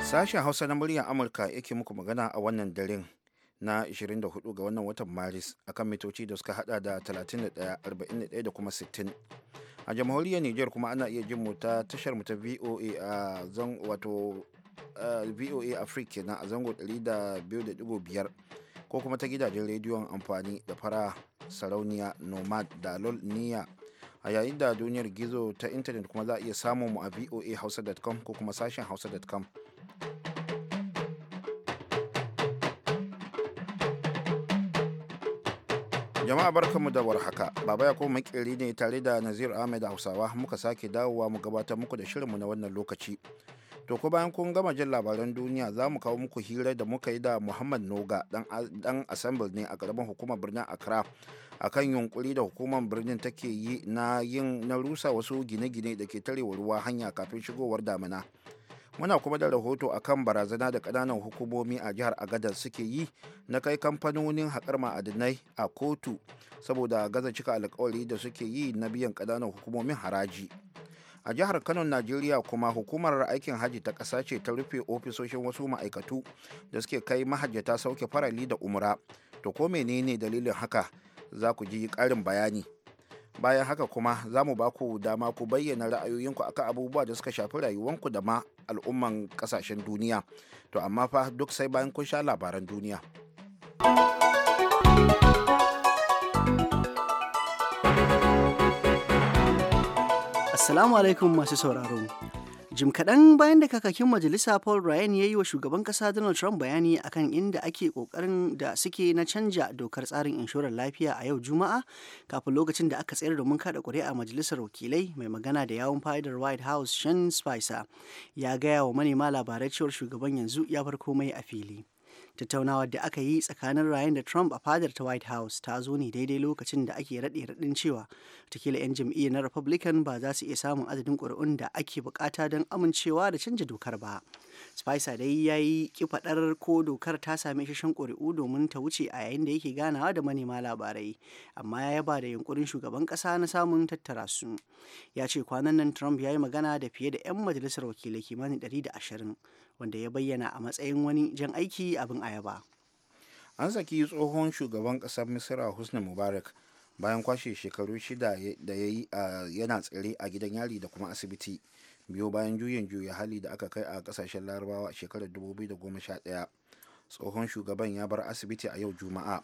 Sashen Hausa na muryar Amurka yake muku magana a wannan daren na 24 ga wannan watan Maris akan mitoci da suka hada da 31, 41 da kuma 60. A jamhuriyar Nijar kuma ana iya jin mu ta tashar mu ta VOA a zan wato eh, VOA Africa na a zango 200.5 ko kuma ta gidajen rediyon amfani da fara sarauniya nomad da lol niya a yayin da duniyar gizo ta intanet kuma za a iya samun mu a voa hausa.com ko kuma sashen hausa.com jama'a barkanmu da warhaka baba ya kuma makeri ne tare da nazir ahmed hausawa muka sake dawowa mu gabatar muku da shirinmu na wannan lokaci To ko bayan kun gama jin labaran duniya za mu kawo muku hira da muka yi da Muhammad Noga dan assembly ne a karamin hukumar birnin Accra akan yunkuri da hukumar birnin take yi na yin na rusa wasu gine-gine da ke tarewa ruwa hanya kafin shigowar damina. Muna kuma da rahoto akan barazana da ƙananan hukumomi a jihar Agadar suke yi na kai kamfanonin haƙar ma'adinai a kotu saboda gaza cika alkawari da suke yi na biyan ƙananan hukumomin haraji. a jihar kano najeriya kuma hukumar aikin hajji ta ƙasa ce ta rufe ofisoshin wasu ma'aikatu da suke kai mahajjata sauke farali da umra to ko menene dalilin haka za ku ji ƙarin bayani bayan haka kuma za mu ba ku dama ku bayyana ra'ayoyinku akan abubuwa da suka shafi rayuwanku da ma al'umman ƙasashen duniya to amma fa duk sai bayan kun sha labaran duniya Assalamu alaikum masu sauraro. Jim kaɗan bayan da kakakin majalisa Paul Ryan ya yi wa shugaban ƙasa Donald Trump bayani akan inda ake ƙoƙarin da suke na canja dokar tsarin inshorar lafiya a yau Juma'a kafin lokacin da aka tsayar domin kaɗa ƙuri'a a majalisar wakilai mai magana da yawon fa'idar White House Sean Spicer ya gaya wa manema labarai cewar shugaban yanzu ya farko komai a fili. tattaunawar da aka yi tsakanin rayan da trump a fadar ta white house ta zo ne daidai lokacin da ake raɗe raɗin cewa watakila 'yan jam'iyyar na republican ba za su iya samun adadin ƙuri'un da ake bukata don amincewa da canja dokar ba Spicer dai ya yi kifadar ko dokar ta sami shan ƙuri'u domin ta wuce a yayin da yake ganawa da manema labarai, amma ya yaba da yunkurin shugaban ƙasa na samun tattara su. Ya ce kwanan nan Trump ya yi magana da fiye da 'yan majalisar wakilai kimanin 120, wanda ya bayyana a matsayin wani jan aiki abin ayaba. An saki tsohon shugaban ƙasar Misira Husni Mubarak bayan kwashe shekaru shida da ya yi yana tsare a gidan yari da kuma asibiti biyo bayan juyin juya hali da aka kai a kasashen larabawa a shekarar 2011 tsohon shugaban ya bar asibiti a yau juma'a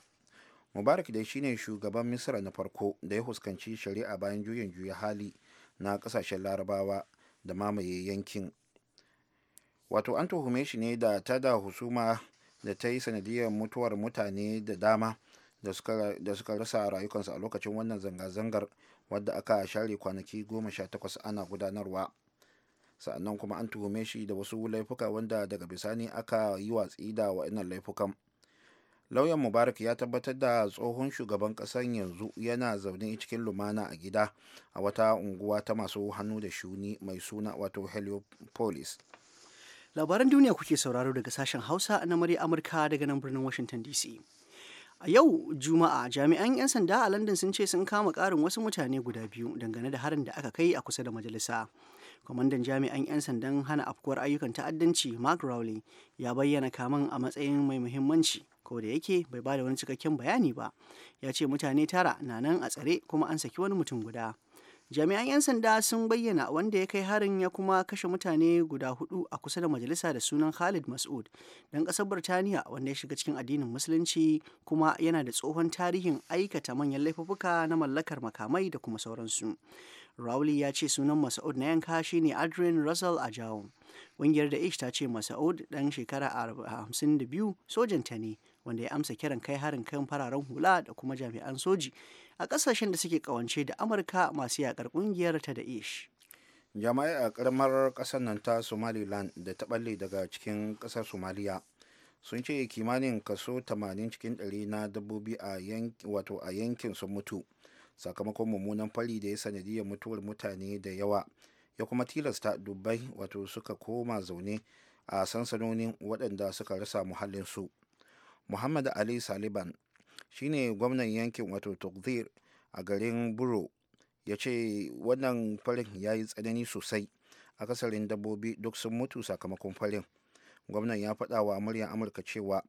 mubarak dai shine shugaban misra na farko da ya huskanci shari'a bayan juyin juya hali na kasashen larabawa da mamaye yankin wato an tuhume shi ne da ta da husuma da ta yi sanadiyar mutuwar mutane da dama da suka rasa rayukansu a lokacin wannan zanga-zangar wadda aka share kwanaki goma sha takwas ana gudanarwa sa'annan kuma an tuhume shi da wasu laifuka wanda daga bisani aka yi watsi da wa'annan laifukan lauyan mubarak ya tabbatar da tsohon shugaban kasan yanzu yana zaune cikin lumana a gida a wata unguwa ta masu hannu da shuni mai suna wato heliopolis labaran duniya kuke sauraro daga sashen hausa na murya amurka daga nan birnin washington dc A yau Juma'a jami'an 'yan sanda a London sun ce sun kama karin wasu mutane guda biyu dangane da harin da aka kai a kusa da majalisa. kwamandan jami'an 'yan sandan hana afkuwar ayyukan ta'addanci mark rowley ya bayyana kaman a matsayin mai muhimmanci ko da yake bai bada wani cikakken bayani ba ya ce mutane tara na nan a tsare kuma an saki wani mutum guda jami'an 'yan sanda sun bayyana wanda ya kai harin ya kuma kashe mutane guda hudu a kusa da majalisa da sunan khalid mas'ud dan kasar birtaniya wanda ya shiga cikin addinin musulunci kuma yana da tsohon tarihin aikata manyan laifuka na mallakar makamai da kuma sauransu Rowley ya ce sunan Masaud na yanka shine Adrian Russell a jawon. Ƙungiyar da ta ce Masaud dan shekara 52 ta ne wanda ya amsa kiran kai harin kan fararen hula da kuma jami'an soji a ƙasashen da suke ƙawance da Amurka masu yakar ƙungiyar ta da ish. jama'ai a karamar kasar nan ta somaliland da ta balle daga cikin kasar somaliya sun ce kimanin kaso 80 cikin 100 na dabbobi wato a yankin sun mutu sakamakon mummunan fari da ya sanadiyar mutuwar mutane da yawa ya kuma tilasta dubbai wato suka koma zaune a sansanonin waɗanda suka rasa muhallinsu muhammad ali saliban shine gwamnan yankin wato tukzir a garin buro ya ce wannan farin ya yi tsanani sosai a akasarin dabbobi duk sun mutu sakamakon farin gwamnan ya faɗa wa muryar amurka cewa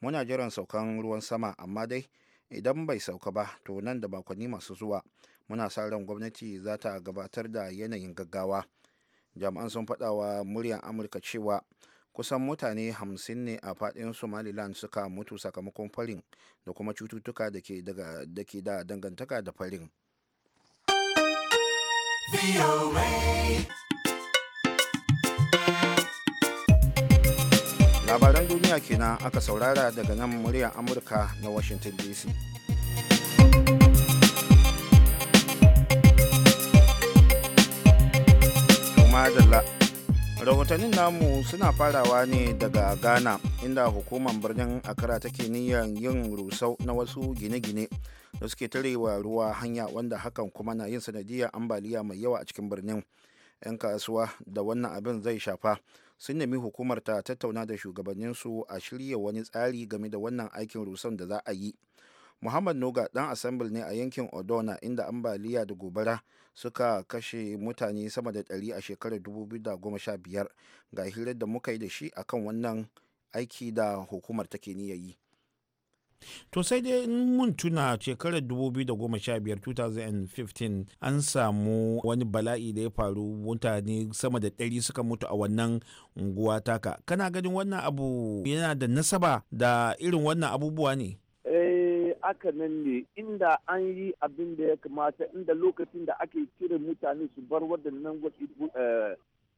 muna jiran saukan ruwan sama amma dai idan bai sauka ba to nan da makonni masu zuwa muna sa ran gwamnati za ta gabatar da yanayin gaggawa jami'an sun faɗa wa muryar amurka cewa kusan mutane hamsin ne a faɗin somaliland suka mutu sakamakon farin da kuma cututtuka da ke da dangantaka da farin labaran duniya kenan aka saurara daga nan muryar amurka na washington dc rahotannin namu suna farawa ne daga ghana inda hukumar birnin akara take niyyar yin rusau na wasu gine-gine da suke tarewa ruwa hanya wanda hakan kuma na yin sanadiyar ambaliya mai yawa a cikin birnin 'yan kasuwa da wannan abin zai shafa sun nemi hukumar ta tattauna da shugabanninsu a shirya wani tsari game da wannan aikin rusan da za a yi muhammad noga dan asambul ne a yankin odona inda ambaliya da gobara suka kashe mutane sama da 100 a shekarar 2015 ga hirar da muka yi da shi akan wannan aiki da hukumar take ni yi To sai dai in mun tuna shekarar 2015 an samu wani bala'i da ya faru mutane sama da ɗari suka mutu a wannan unguwa taka. Kana ganin wannan abu yana da nasaba da irin wannan abubuwa ne? Eh, aka nan ne inda an yi abin da ya kamata inda lokacin da ake cire mutane su bar waɗannan eh,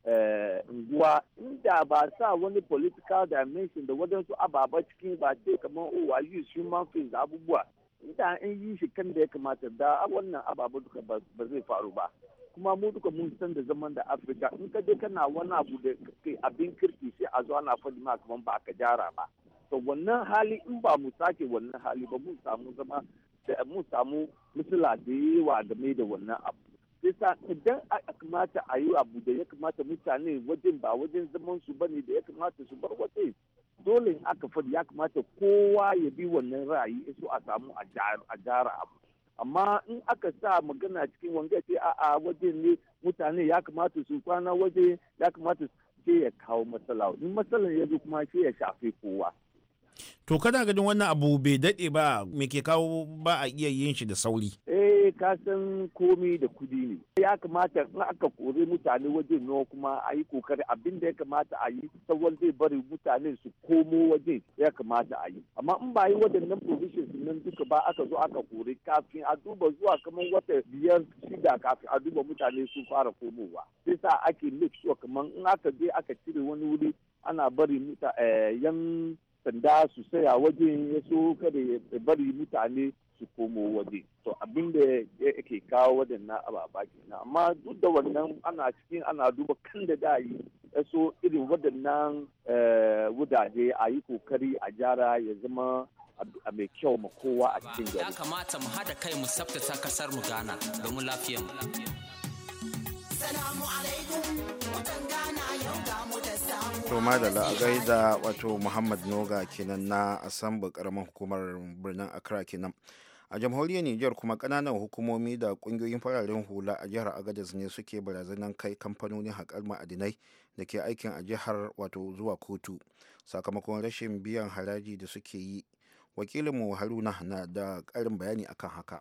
Eh, unguwa inda ba sa wani political dimension da wadansu ababa cikin ba ce kamar owa human face da abubuwa inda an yi shi kan da ya kamata da wannan ababa duka ba zai faru ba kuma mu duka mun san da zaman da afirka in ka je kana wani abu da kai abin kirki sai a zo ana faɗi ma kamar ba ka gyara ba to wannan hali in ba mu sake wannan hali ba mun samu zama da mun samu misila da yawa game da wannan abu Bisa idan a kamata a yi abu da ya kamata mutane wajen ba wajen zaman su bane da ya kamata su bar waje dole in aka fadi ya kamata kowa ya bi wannan ra'ayi so a samu a jara abu. Amma in aka sa magana cikin wanga ce a wajen ne mutane ya kamata su kwana waje ya kamata su ya kawo matsala in matsalar ya zo kuma sai ya shafe kowa To kana ganin wannan abu bai daɗe ba me ke kawo ba a iya yin shi da sauri. Eh ka san komi da kudi ne. Ya kamata in aka kore mutane wajen nawa kuma a yi kokari abin da ya kamata a yi sauran zai bari mutane su komo wajen ya kamata a yi. Amma in ba yi waɗannan provisions nan duka ba aka zo aka kore kafin a duba zuwa kamar wata biyar shida kafin a duba mutane sun fara komowa. Sai sa ake make sure kamar in aka je aka cire wani wuri ana bari eh, yan sanda su saya wajen ya so kada ya bari mutane su komo waje to abin da yake kawo waɗannan ababa kenan amma duk da wannan ana cikin ana duba kan da da yi ya so irin waɗannan eh, wudaje a yi kokari a jara ya zama a mai kyau ma kowa a cikin gari. Ya kamata mu haɗa kai mu tsaftace kasar mu gana domin lafiyar mu. Salamu to da a gaida wato muhammad noga kenan na asambu karamin hukumar birnin akra kenan a jamhuriyar niger kuma kananan hukumomi da kungiyoyin fararen hula a jihar agadez ne suke barazanar kai kamfanonin haƙar ma'adinai da ke aikin a jihar wato zuwa kotu sakamakon rashin biyan haraji da suke yi wakilinmu haruna na da ƙarin bayani akan haka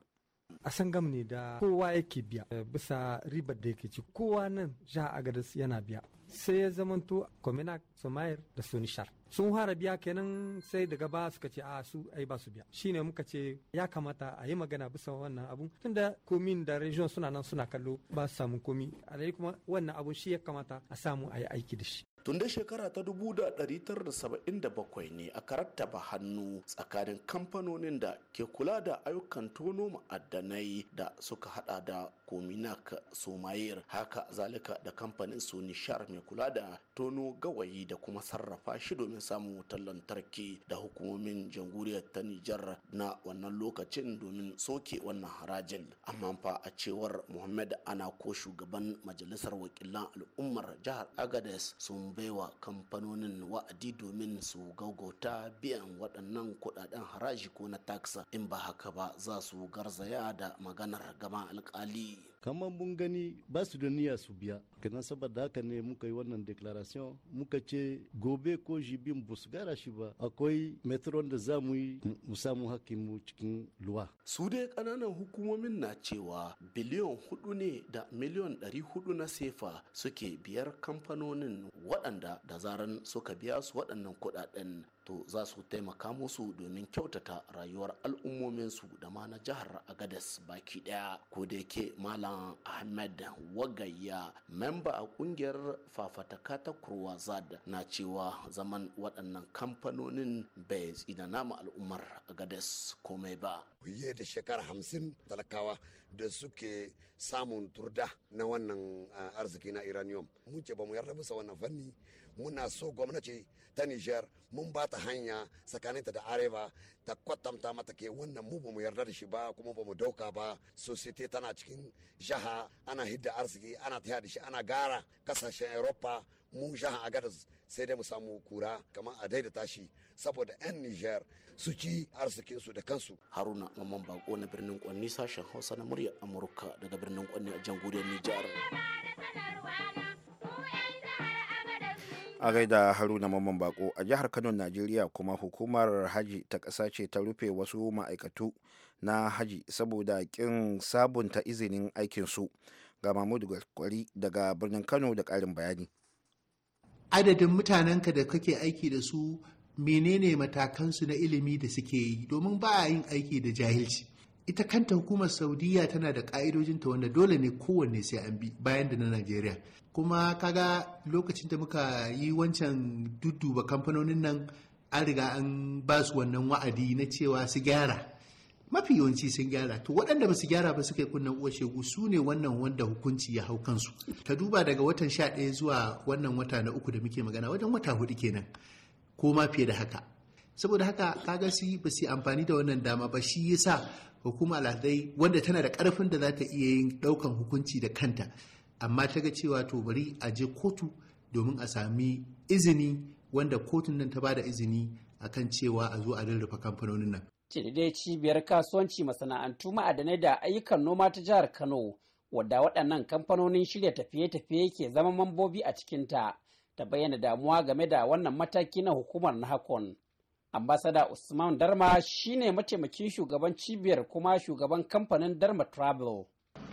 a gam ne da kowa yake biya eh, bisa ribar da yake ci kowa nan jihar agadas yana biya sai ya zamanto kominak mayar da nishar sun fara biya kenan sai daga ba suka ce a su ai ba su biya shine muka ce ya kamata a yi magana bisa wannan abun tunda komin da region suna nan suna kallo ba su samu komi alai kuma wannan abun shi ya kamata a samu a yi aiki da shi tun da shekara ta 1977 ne aka ba hannu tsakanin kamfanonin da ke kula da ayyukan tono ma'adanai da suka hada da kominak somayir haka zalika da kamfanin su nishar mai kula da tono gawayi da kuma sarrafa shi domin samun wutar lantarki da hukumomin jamhuriyar ta nijar na wannan lokacin domin soke wannan harajin amma fa a cewar muhammad ana ko shugaban majalisar wakilan al'ummar jihar agades sun baiwa kamfanonin wa'adi domin su gaugauta biyan waɗannan kuɗaɗen haraji ko na taksa in ba haka ba za su garzaya da maganar gama alkali kamar mun gani ba su da niyya su biya kenan saboda haka ne muka yi wannan declaration muka ce gobe ko jibin ba gara shi ba akwai metron da za mu yi mu samu mu cikin luwa su dai kananan hukumomin na cewa biliyon hudu ne da miliyon ɗari hudu na sefa suke biyar kamfanonin waɗanda da zaran suka biya su waɗannan kuɗaɗen to za su taimaka musu domin kyautata rayuwar al'ummominsu da ma na jihar agadas baki daya ko da yake malam ahmed wagayya memba a kungiyar fafataka ta kurwazad na cewa zaman waɗannan kamfanonin bai tsina nama al'ummar agadas komai ba fiye da shekara hamsin talakawa da suke samun turda na wannan ah, arziki na iranium mun ce ba mu yarda bisa wannan fanni muna so gwamnati ta Nijar mun ba ta hanya tsakaninta da Areva ta kwatanta mata ke wannan mu bamu yarda da shi ba kuma mu dauka ba society tana cikin jaha ana hidda arziki ana taya da shi ana gara kasashen Europa mu jaha gadas sai dai mu samu kura kamar a daidata shi saboda 'yan Nijar su ci arzikin su da kansu. Haruna Mamman Bako na birnin Kwanni sashen Hausa na muryar Amurka daga birnin Kwanni a jamhuriyar Nijar. a gaida haruna mamman bako a jihar kano najeriya kuma hukumar haji ta ƙasa ce ta rufe wasu ma'aikatu na haji saboda kin sabunta izinin aikinsu ga mamudu gwari daga birnin kano da karin bayani adadin mutanenka da kake aiki da su menene matakansu na ilimi da suke yi domin ba a yin aiki da jahilci ita kanta hukumar saudiyya tana da ta wanda dole ne kowanne sai an bi bayan da na nigeria kuma kaga lokacin da muka yi wancan dudduba kamfanonin nan an riga an ba su wannan wa'adi na cewa su gyara mafi yawanci sun gyara to waɗanda ba su gyara ba suka yi kunnen uwa shegu su ne wannan wanda hukunci ya hau kansu ka duba daga watan sha ɗaya zuwa wannan wata na uku da muke magana wajen wata hudu kenan ko ma fiye da haka saboda haka kaga su ba su amfani da wannan dama ba shi yasa hukuma alhazai wanda tana da karfin da za ta iya yin daukan hukunci da kanta amma ta ga cewa to bari a je kotu domin a sami izini wanda kotun nan ta bada izini a kan cewa a zo a rarrafa kamfanonin nan dai cibiyar kasuwanci masana'antu ma'adanai da ayyukan noma ta jihar kano wadda waɗannan kamfanonin shirya tafiye-tafiye ke zama mambobi a cikinta ta bayyana damuwa game da wannan mataki na hukumar na hakon ambasada usman darma shine mataimakin shugaban cibiyar kuma shugaban kamfanin darma travel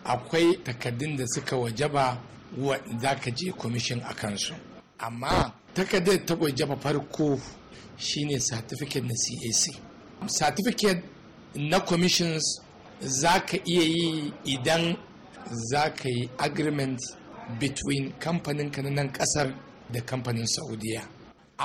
akwai takaddun da suka wajaba wa za ka je kwamishin a kansu amma takardar ta wajaba farko shine certificate na cac certificate na commissions za ka iya yi idan za ka yi agreement between kamfanin kananan nan kasar da kamfanin saudiya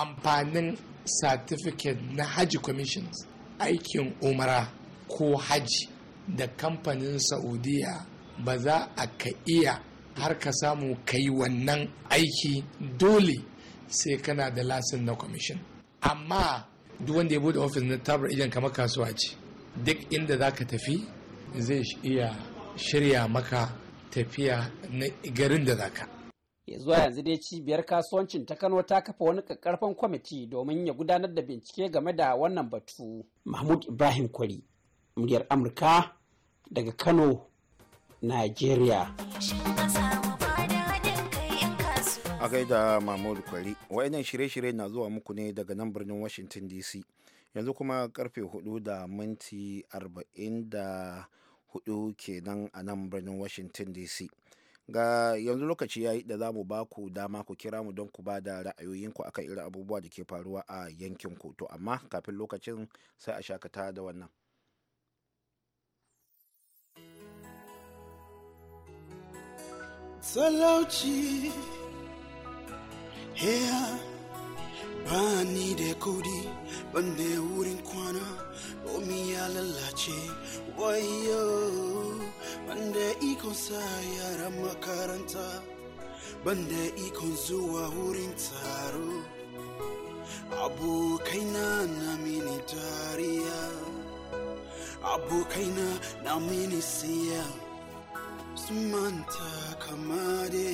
amfanin certificate na haji commissions aikin umara ko haji da kamfanin saudiya ba za a ka iya har ka samu kai wannan aiki dole sai kana da lasin na commission amma duk wanda ya bude ofis na tabar ijan kamar kasuwa ce duk inda za ka tafi zai iya shirya maka tafiya na garin da za ka ya zuwa yanzu dai cibiyar kasuwancin ta kano ta kafa wani kakkarfan kwamiti domin ya gudanar da bincike game da wannan batu mahmud ibrahim kwari muryar amurka daga kano nigeria a gaida mahmud kwari nan shirye-shirye na zuwa muku ne daga nan birnin washington dc yanzu kuma karfe 4 da minti arba'in da 44 kenan a nan birnin washington dc ga yanzu lokaci ya yi da za mu ba ku dama ku kira mu don ku ba da ra'ayoyinku akan irin abubuwa da ke faruwa a yankin ku to amma kafin lokacin sai a shakata da wannan Salauci, yeah. ba ni da kudi da wurin kwana omi ya lalace wayo banda ikon sa yaran makaranta banda ikon zuwa wurin taro abokaina na mini dariya abokaina na mini siya sun manta kama da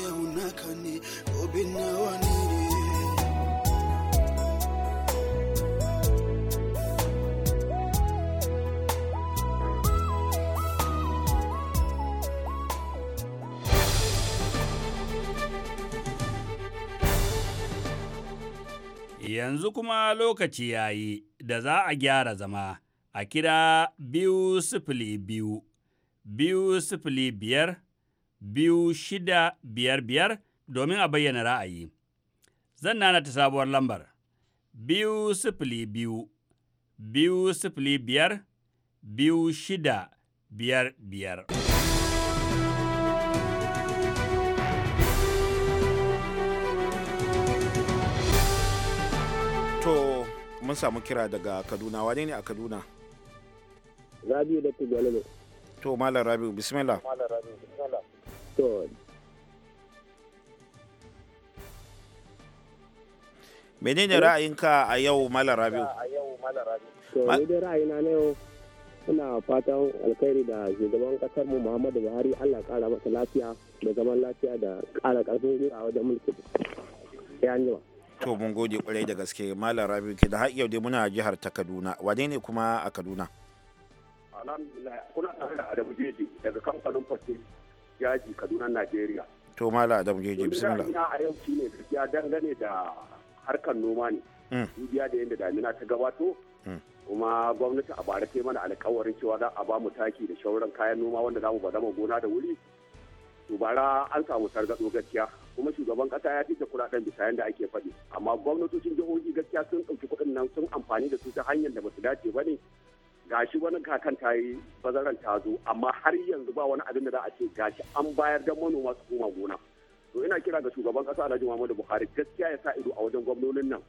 yau naka Yanzu kuma lokaci ya yi da za a gyara zama a kira biyu sifili biyu, biyu sifili biyar biyu shida biyar biyar domin a bayyana ra'ayi. Zan nana ta sabuwar lambar biyu sifili biyu, biyu sifili biyar, biyu shida biyar biyar. To, mun samu kira daga Kaduna, wane ne a Kaduna? Rabi da Tijjalo. To, Malam Rabi, bismillah. Malam rabi bismillah. Good. menene ra'ayinka a yau malam rabiu to ni ra'ayina na yau ina fatan alkhairi da shugaban kasar mu muhammadu buhari allah kara masa lafiya da zaman lafiya da kara karfin gwiwa wajen mulki ya ni to mun gode kwarai da gaske malam rabiu ke da har yau dai muna jihar ta kaduna wane ne kuma a kaduna alhamdulillah kuna tare da adamu jeji daga kamfanin fasili jaji kaduna najeriya to mala adam jeji bismillah ina a yau shine gaskiya dangane da harkar noma ne mm. dubiya da yadda damina ta gabato mm. kuma gwamnati a bara ta mana alkawarin cewa za a ba mu taki da shauran kayan noma wanda za mu ba zama gona da wuri to bara an samu targaɗo gaskiya kuma shugaban kasa ya fice kuɗaɗen bisa yadda ake faɗi amma gwamnatocin jihohi gaskiya sun ɗauki kuɗin nan sun amfani da su ta hanyar da ba su dace ba ne gashi wani kakan ta yi bazaran ta zo amma har yanzu ba wani abin da za a ce gashi an bayar da manoma su koma gona to ina kira ga shugaban kasa Alhaji Muhammadu Buhari gaskiya ya sa ido a wajen gwamnonin nan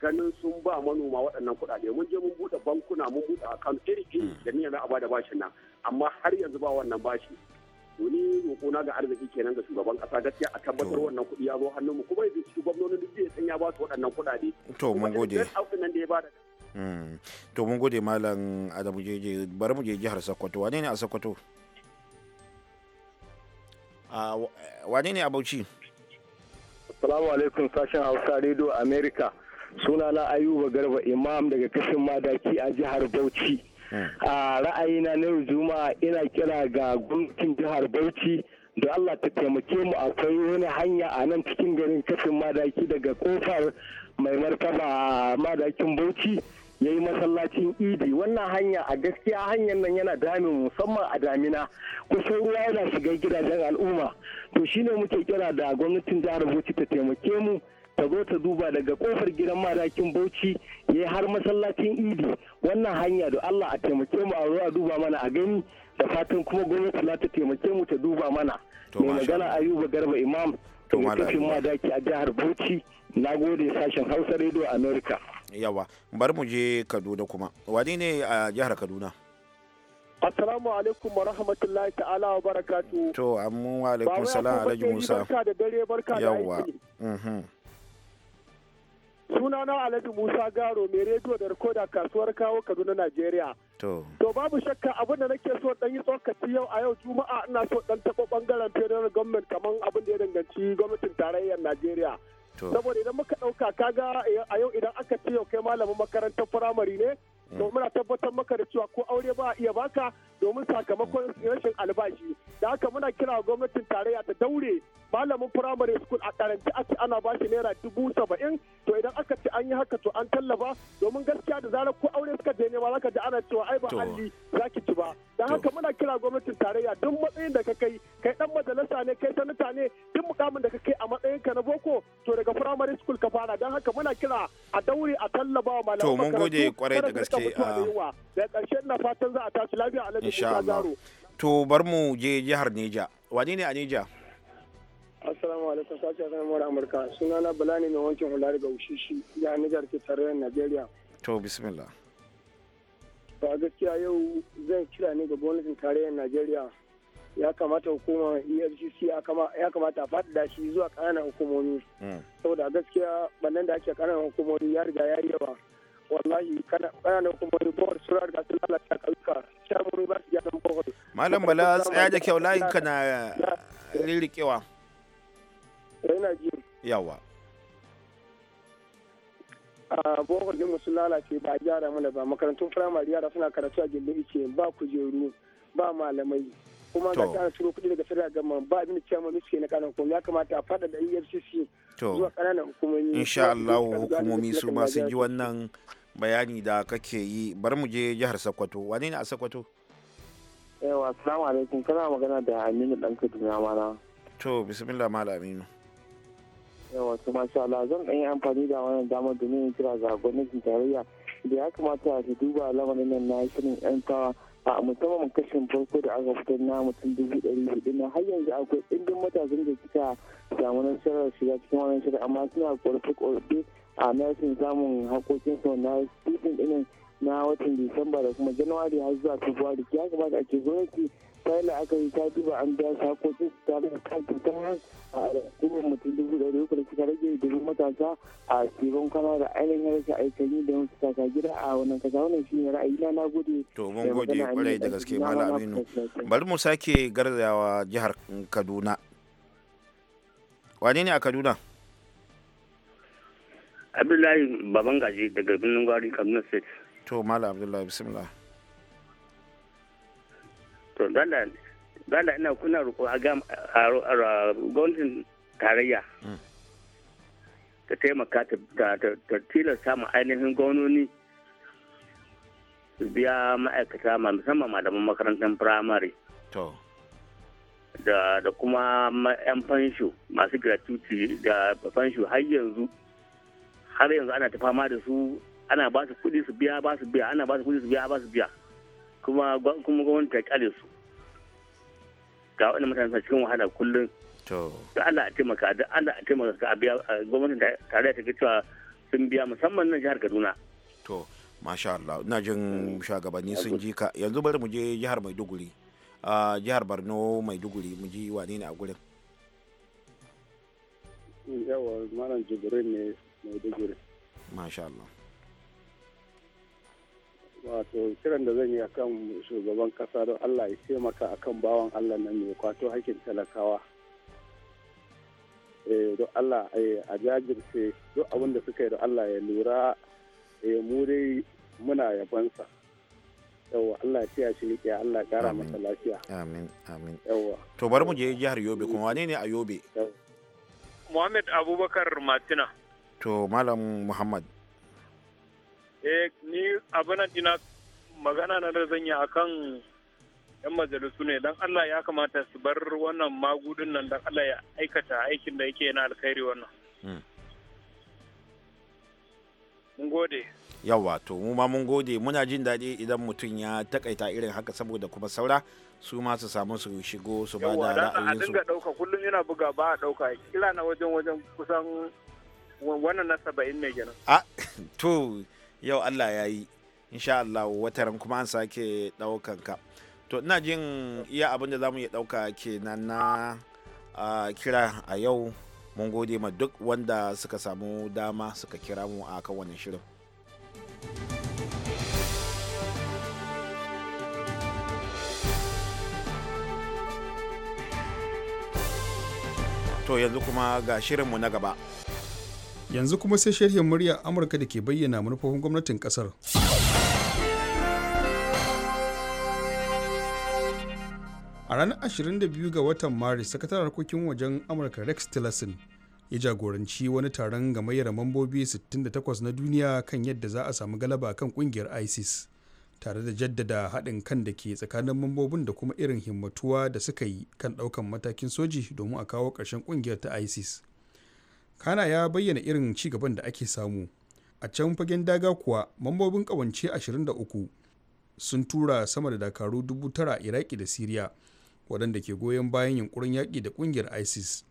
ganin sun ba manoma waɗannan kuɗaɗe mun je mun buɗe bankuna mun buɗe akan iri iri hmm. da niyyar za a da bashin nan amma har yanzu ba wannan bashi to ni roƙona ga arziki kenan ga shugaban kasa gaskiya a tabbatar wannan kuɗi ya zo hannunmu kuma yanzu shugabannin gwamnonin duk ya san ya ba su waɗannan kuɗaɗe to mun gode da Hmm. to mun gode malam adamu jeje bari mu je jihar sokoto wane ne a sokoto wane ne a bauchi assalamu alaikum sashen hausa radio america sunana ayuba garba imam daga kashin madaki a jihar bauchi hmm. a ra'ayina na juma'a ina kira ga gwamnatin jihar bauchi da allah ta taimake mu akwai wani hanya a nan cikin garin kafin madaki daga kofar mai martaba madakin bauchi ya yi masallacin idi wannan hanya a gaskiya hanyar nan yana damin musamman a damina kusan ruwa yana shiga gidajen al'umma to shine muke kira da gwamnatin jihar bauchi ta taimake mu ta zo ta duba daga kofar gidan madakin bauchi ya yi har masallacin idi wannan hanya da allah a taimake mu a zo a duba mana a gani da fatan kuma gwamnati za ta taimake mu ta duba mana mai magana ayuba garba imam to madaki a jihar bauchi na gode sashen hausa radio america yawa bari mu je kaduna kuma wani ne a jihar kaduna Assalamu alaikum wa rahmatullahi ta'ala wa barakatu. To, amma wa alaikum salam alhaji Musa. yawa. Suna na Alhaji Musa Garo mai rediyo da rikoda kasuwar kawo Kaduna nigeria. To. babu shakka abin da nake so dan yi tsokaci yau a yau Juma'a ina so dan taɓa bangaren federal government kaman abin da ya danganci gwamnatin tarayyar Najeriya. saboda idan muka ɗauka kaga eh, a yau idan aka ce yau kai malamin makarantar firamare ne mm. to muna tabbatar maka da cewa ko aure ba a iya baka domin sakamakon mm. rashin albashi da haka muna kira gwamnatin tarayya ta daure malamin firamare school a karanci a ce ana bashi naira dubu saba'in to idan aka ce an yi haka to an tallafa domin gaskiya da zarar ko aure suka je nema zaka ji ana cewa ai ba halli zaki ci ba da haka muna kira gwamnatin tarayya duk matsayin da ka kai kai dan majalisa ne kai sanar don haka muna kira a dauri a tallaba wa malamai to mun gode kwarai da gaske da karshe ah, ina fatan za a tashi lafiya alhaji Musa Garo to bar mu je jihar Neja wani ne a Neja Assalamu alaikum sashi a sanar mara Amurka sunana Bala ne mai wankin hula daga Ushishi ya Nijar ke tarayyar Najeriya to bismillah ba gaskiya yau zan kira ne ga gwamnatin tarayyar Najeriya ya kamata hukumar efcc ya kamata a faɗi shi zuwa ƙananan hukumomi mm. saboda gaskiya bannan da ake ƙananan hukumomi ya riga ya yi yawa wallahi ƙananan hukumomi bohol su riga sun lalata ƙauyuka shamuri ba su gyaran bohol malam bala tsaya da kyau layin ka na rirriƙewa yana ji yawa a bohol din sun lalace ba a gyara mana ba makarantun firamare yara suna karatu a gindin ice ba kujeru ba malamai kuma ga ta turo kuɗi daga federal gama ba abin da chairman suke na kanan hukumomi ya kamata a fada da EFCC zuwa kananan hukumomi insha allahu hukumomi su ma sun ji wannan bayani da kake yi bari mu je jihar Sokoto wani ne a Sokoto yawa assalamu alaikum kana magana da Aminu dan Kaduna mana to bismillah malam Aminu yawa to masha Allah zan yi amfani da wannan dama domin kira ga gwamnatin tarayya da ya kamata su duba lamarin nan na shirin 'yan tawa a musamman kashin farko da aka fitar na mutum dubu ɗari hudu na har yanzu akwai ɗimbin matasan da suka samu nasarar shiga cikin wannan shirin amma suna ƙorafi ƙorafi a nasin samun su na titin ɗinin na watan disamba da kuma januwari har zuwa februari ya kamata a ake gwamnati aka yi ta duba an biya su haƙoƙin su ta rage a kuma mutum dubu ɗari uku da suka rage domin matasa a tsibirin kwana da ainihin rashin aikani da wasu saka gida a wannan kasa wannan shi ne ra'ayi na gode. to mun gode kwarai da gaske malam aminu bari mu sake garzawa jihar kaduna wane ne a kaduna. abdullahi baban gaji daga birnin gwari kaduna state. to malam abdullahi bismillah. to dala dala ina kuna roƙo a gwamnatin tarayya mm. ta taimaka ta tilasta mu ainihin gwamnoni su biya ma'aikata ma musamman malaman makarantar firamare da kuma 'yan fansho masu gratuity da fansho har yanzu har yanzu ana ta fama da su ana ba su kudi su biya ba su biya ana ba su kudi su biya ba su biya kuma kuma gwamnati ta kare su ga wani mutane sa cikin wahala kullum to da Allah a taimaka da Allah a taimaka ka biya gwamnati tare ta cewa sun biya musamman nan jihar Kaduna to masha Allah ina jin mm. shugabanni sun ji ka yanzu bari mu je jihar Maiduguri a jihar Borno Maiduguri mu ji wane ne a gurin yawa malam Jibril ne Maiduguri masha Allah wato kiran da zan yi a kan shugaban kasa don allah ya taimaka kan bawan allah na mai kwato hakin talakawa eh, don allah eh, a jajirce duk abin da suka yi don allah ya lura eh, mu dai muna yabansa yawwa allah ya tiya shi ya allah ya kara masa lafiya amin amin yawwa to bar mu je jihar yobe kuma wane ne a yobe muhammad abubakar martina to malam muhammad eh ni abinan dina magana na da zanya akan yan majalisu ne dan Allah ya kamata su bar wannan magudun nan dan Allah ya aikata aikin da yake na alkhairi wannan hmm. mun gode yawa to mu ma mun gode muna jin daɗi idan mutum ya takaita irin haka saboda kuma saura su ma su samu su shigo su ba da ra'ayin su dinga dauka kullum yana buga ba a dauka kila na wajen wajen kusan wannan na saba'in ne gina. a ah, to yau allah ya yi insha allah ran kuma an sake ɗaukan ka to ina jin iya abin da zamu mu iya ɗauka kenan na kira a yau mun gode ma duk wanda suka samu dama suka kira mu a kan wannan shirin to yanzu kuma ga shirinmu na gaba yanzu kuma sai sharhin murya amurka da ke bayyana manufofin gwamnatin kasar a ranar 22 ga watan maris sakataren harkokin wajen amurka rex tillerson ya jagoranci wani taron gamayyar mambobi 68 na duniya kan yadda za a samu galaba kan kungiyar isis tare da jaddada haɗin kan da ke tsakanin mambobin da kuma irin himmatuwa da suka yi kan ɗaukan matakin soji domin a kawo ƙarshen ƙungiyar ta isis hana ya bayyana irin ci gaban da ake samu a can fagen daga kuwa mambobin kawance 23 sun tura sama da dakaru 9,000 tara iraki da siriya waɗanda ke goyon bayan yunkurin yaƙi da ƙungiyar isis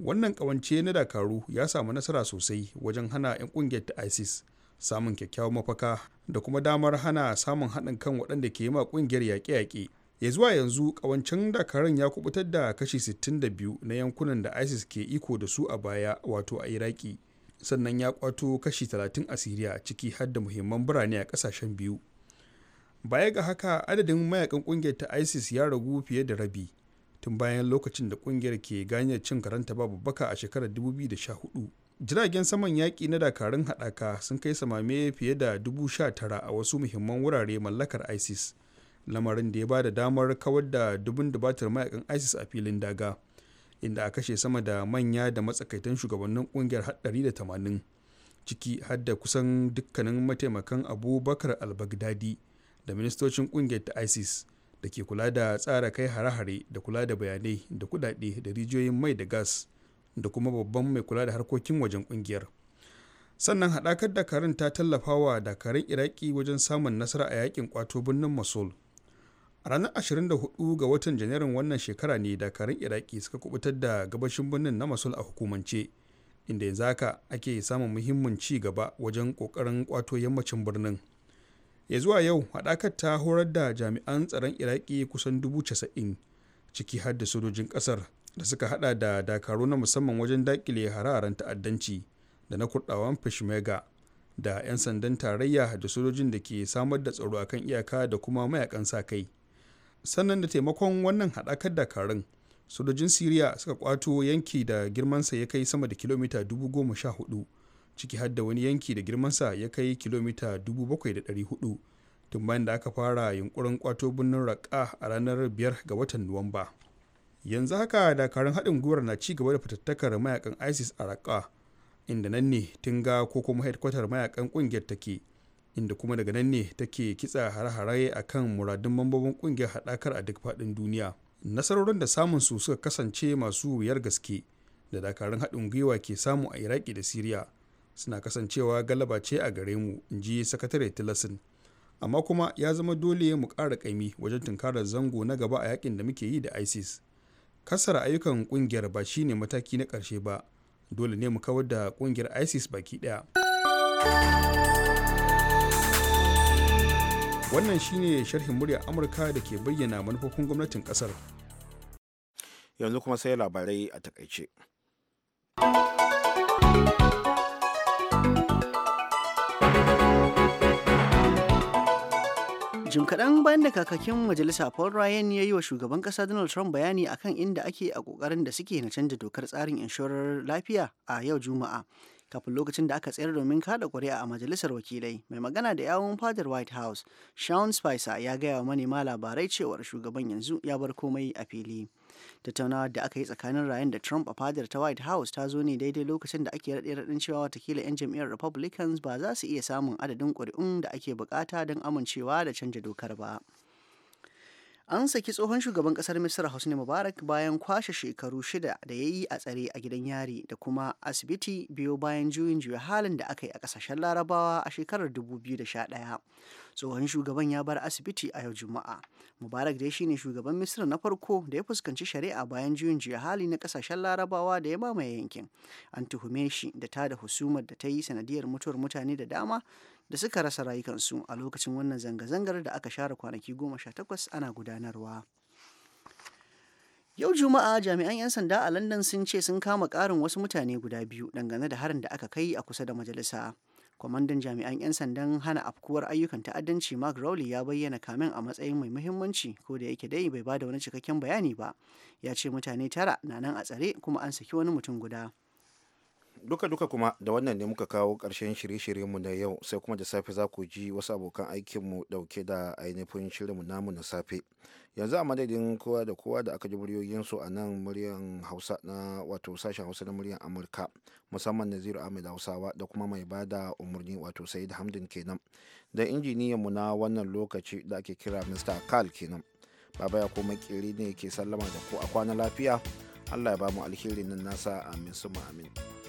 wannan kawance na dakaru ya samu nasara sosai wajen hana 'yan ƙungiyar ta isis samun kyakkyawar mafaka da kuma damar hana samun haɗin kan waɗanda ke yi ma ƙungiyar yaƙe-yaƙe ya zuwa yanzu ƙawancin dakarun ya kubutar da kashi 62 na yankunan da isis ke iko da su a baya wato a iraki sannan ya kwato kashi 30 a siriya ciki har da muhimman birane a kasashen biyu baya ga haka adadin mayakan kungiyar ta isis ya ragu fiye da rabi tun bayan lokacin da kungiyar ke gane cin karanta babu baka a shekarar 2014 jiragen saman yaƙi na dakarun haɗaka sun kai samame fiye da 19 a wasu muhimman wurare mallakar isis lamarin da ya ba da damar kawar da dubin dubatar mayakan isis a filin daga inda a kashe sama da manya da matsakaitan shugabannin kungiyar haɗari da tamanin ciki har da kusan dukkanin mataimakan abubakar al-baghdadi da ministocin kungiyar ta isis da ke kula da tsara kai hare-hare da kula da bayanai da kudade da rijiyoyin mai da gas da kuma babban mai kula da harkokin wajen kungiyar sannan haɗakar dakarun ta tallafawa wa dakarun iraki wajen samun nasara a yakin kwato birnin mosul a ranar 24 ga watan janairun wannan shekara ne dakarun iraki suka kubutar da gabashin birnin na masul a hukumance inda yanzu haka ake samun muhimmin ci gaba wajen kokarin kwato yammacin birnin ya zuwa yau hadakar ta horar da jami'an tsaron iraki kusan dubu casa'in ciki har da sojojin kasar da suka hada da dakaru na musamman wajen dakile hararen ta'addanci da na kurdawan peshmerga da 'yan sandan tarayya da sojojin da ke samar da tsaro akan iyaka da kuma mayakan sa kai sannan da taimakon wannan haɗakar dakarun sojojin siriya suka kwato yanki da girmansa ya kai sama da kilomita dubu goma sha hudu ciki har wani yanki da girmansa ya kai kilomita dubu da hudu tun bayan da aka fara yunkurin kwato birnin raƙa a ranar biyar ga watan nuwamba yanzu haka dakarun haɗin gwiwar na ci gaba da fitattakar mayakan isis a raƙa inda nan ne tun ga ko kuma hedkwatar mayakan ƙungiyar take inda kuma daga nan ne take kitsa hare-hare a kan muradun mambobin kungiyar haɗakar a duk faɗin duniya nasarorin da samun su suka kasance masu wuyar gaske da dakarun haɗin gwiwa ke samu a iraki da siriya suna kasancewa galaba ce a gare mu in ji sakatare tilasin amma kuma ya zama dole mu ƙara ƙaimi wajen tunkarar zango na gaba a yakin da muke yi da isis kasar ayyukan kungiyar ba shine mataki na ƙarshe ba dole ne mu kawar da kungiyar isis baki ɗaya wannan shine sharhin murya amurka da ke bayyana manufofin gwamnatin kasar yanzu kuma sai labarai a takaice jim kaɗan bayan da kakakin majalisa paul ryan ya yi wa shugaban ƙasa donald trump bayani akan inda ake a ƙoƙarin da suke na canja dokar tsarin inshorar lafiya a yau juma'a kafin lokacin da aka tsayar domin kada ƙuri'a a majalisar wakilai mai magana da yawon fadar white house sean spicer ya gaya wa manema labarai cewar shugaban yanzu ya bar komai a fili tattaunawa da aka yi tsakanin rayan da trump a fadar ta white house ta zo ne daidai lokacin da ake raɗe raɗin cewa watakila 'yan jam'iyyar republicans ba za su iya samun adadin ƙuri'un da ake bukata don amincewa da canja dokar ba. an saki tsohon shugaban kasar misra hosni mubarak bayan kwashe shekaru shida da ya yi a tsare a gidan yari da kuma asibiti biyo bayan juyin juya halin da aka yi a kasashen larabawa a shekarar 2011 tsohon shugaban ya bar asibiti a yau juma'a mubarak dai shine shugaban misira na farko da ya fuskanci shari'a bayan juyin jiya hali na kasashen larabawa da ya mamaye yankin an tuhume shi da ta da husumar da ta yi sanadiyar mutuwar mutane da dama da suka rasa rayukansu a lokacin wannan zanga-zangar da aka share kwanaki goma sha takwas ana gudanarwa Yau Juma'a jami'an 'yan sanda a London sun ce sun kama ƙarin wasu mutane guda biyu dangane da harin da aka kai a kusa da majalisa. kwamandan jami'an 'yan sandan hana afkuwar ayyukan ta'addanci mark rowley ya bayyana kamen a matsayin mai muhimmanci ko da yake dai bai bada wani cikakken bayani ba ya ce mutane tara na nan a tsare kuma an saki wani mutum guda duka-duka kuma da wannan ne muka kawo ƙarshen shirye-shiryenmu na yau sai kuma da safe za ku ji wasu abokan aikinmu ɗauke da ainihin shirinmu namu na safe yanzu a madadin kowa da kowa da aka ji muryoyinsu a nan muryan hausa na wato sashen hausa na muryan amurka musamman naziru ahmed hausawa da kuma mai ba da umarni wato sayid hamdin kenan da injiniyanmu na wannan lokaci da ake kira mr kal kenan baba ya kuma ne ke sallama da ku a kwana lafiya allah ya ba mu alherin nan nasa amin suma amin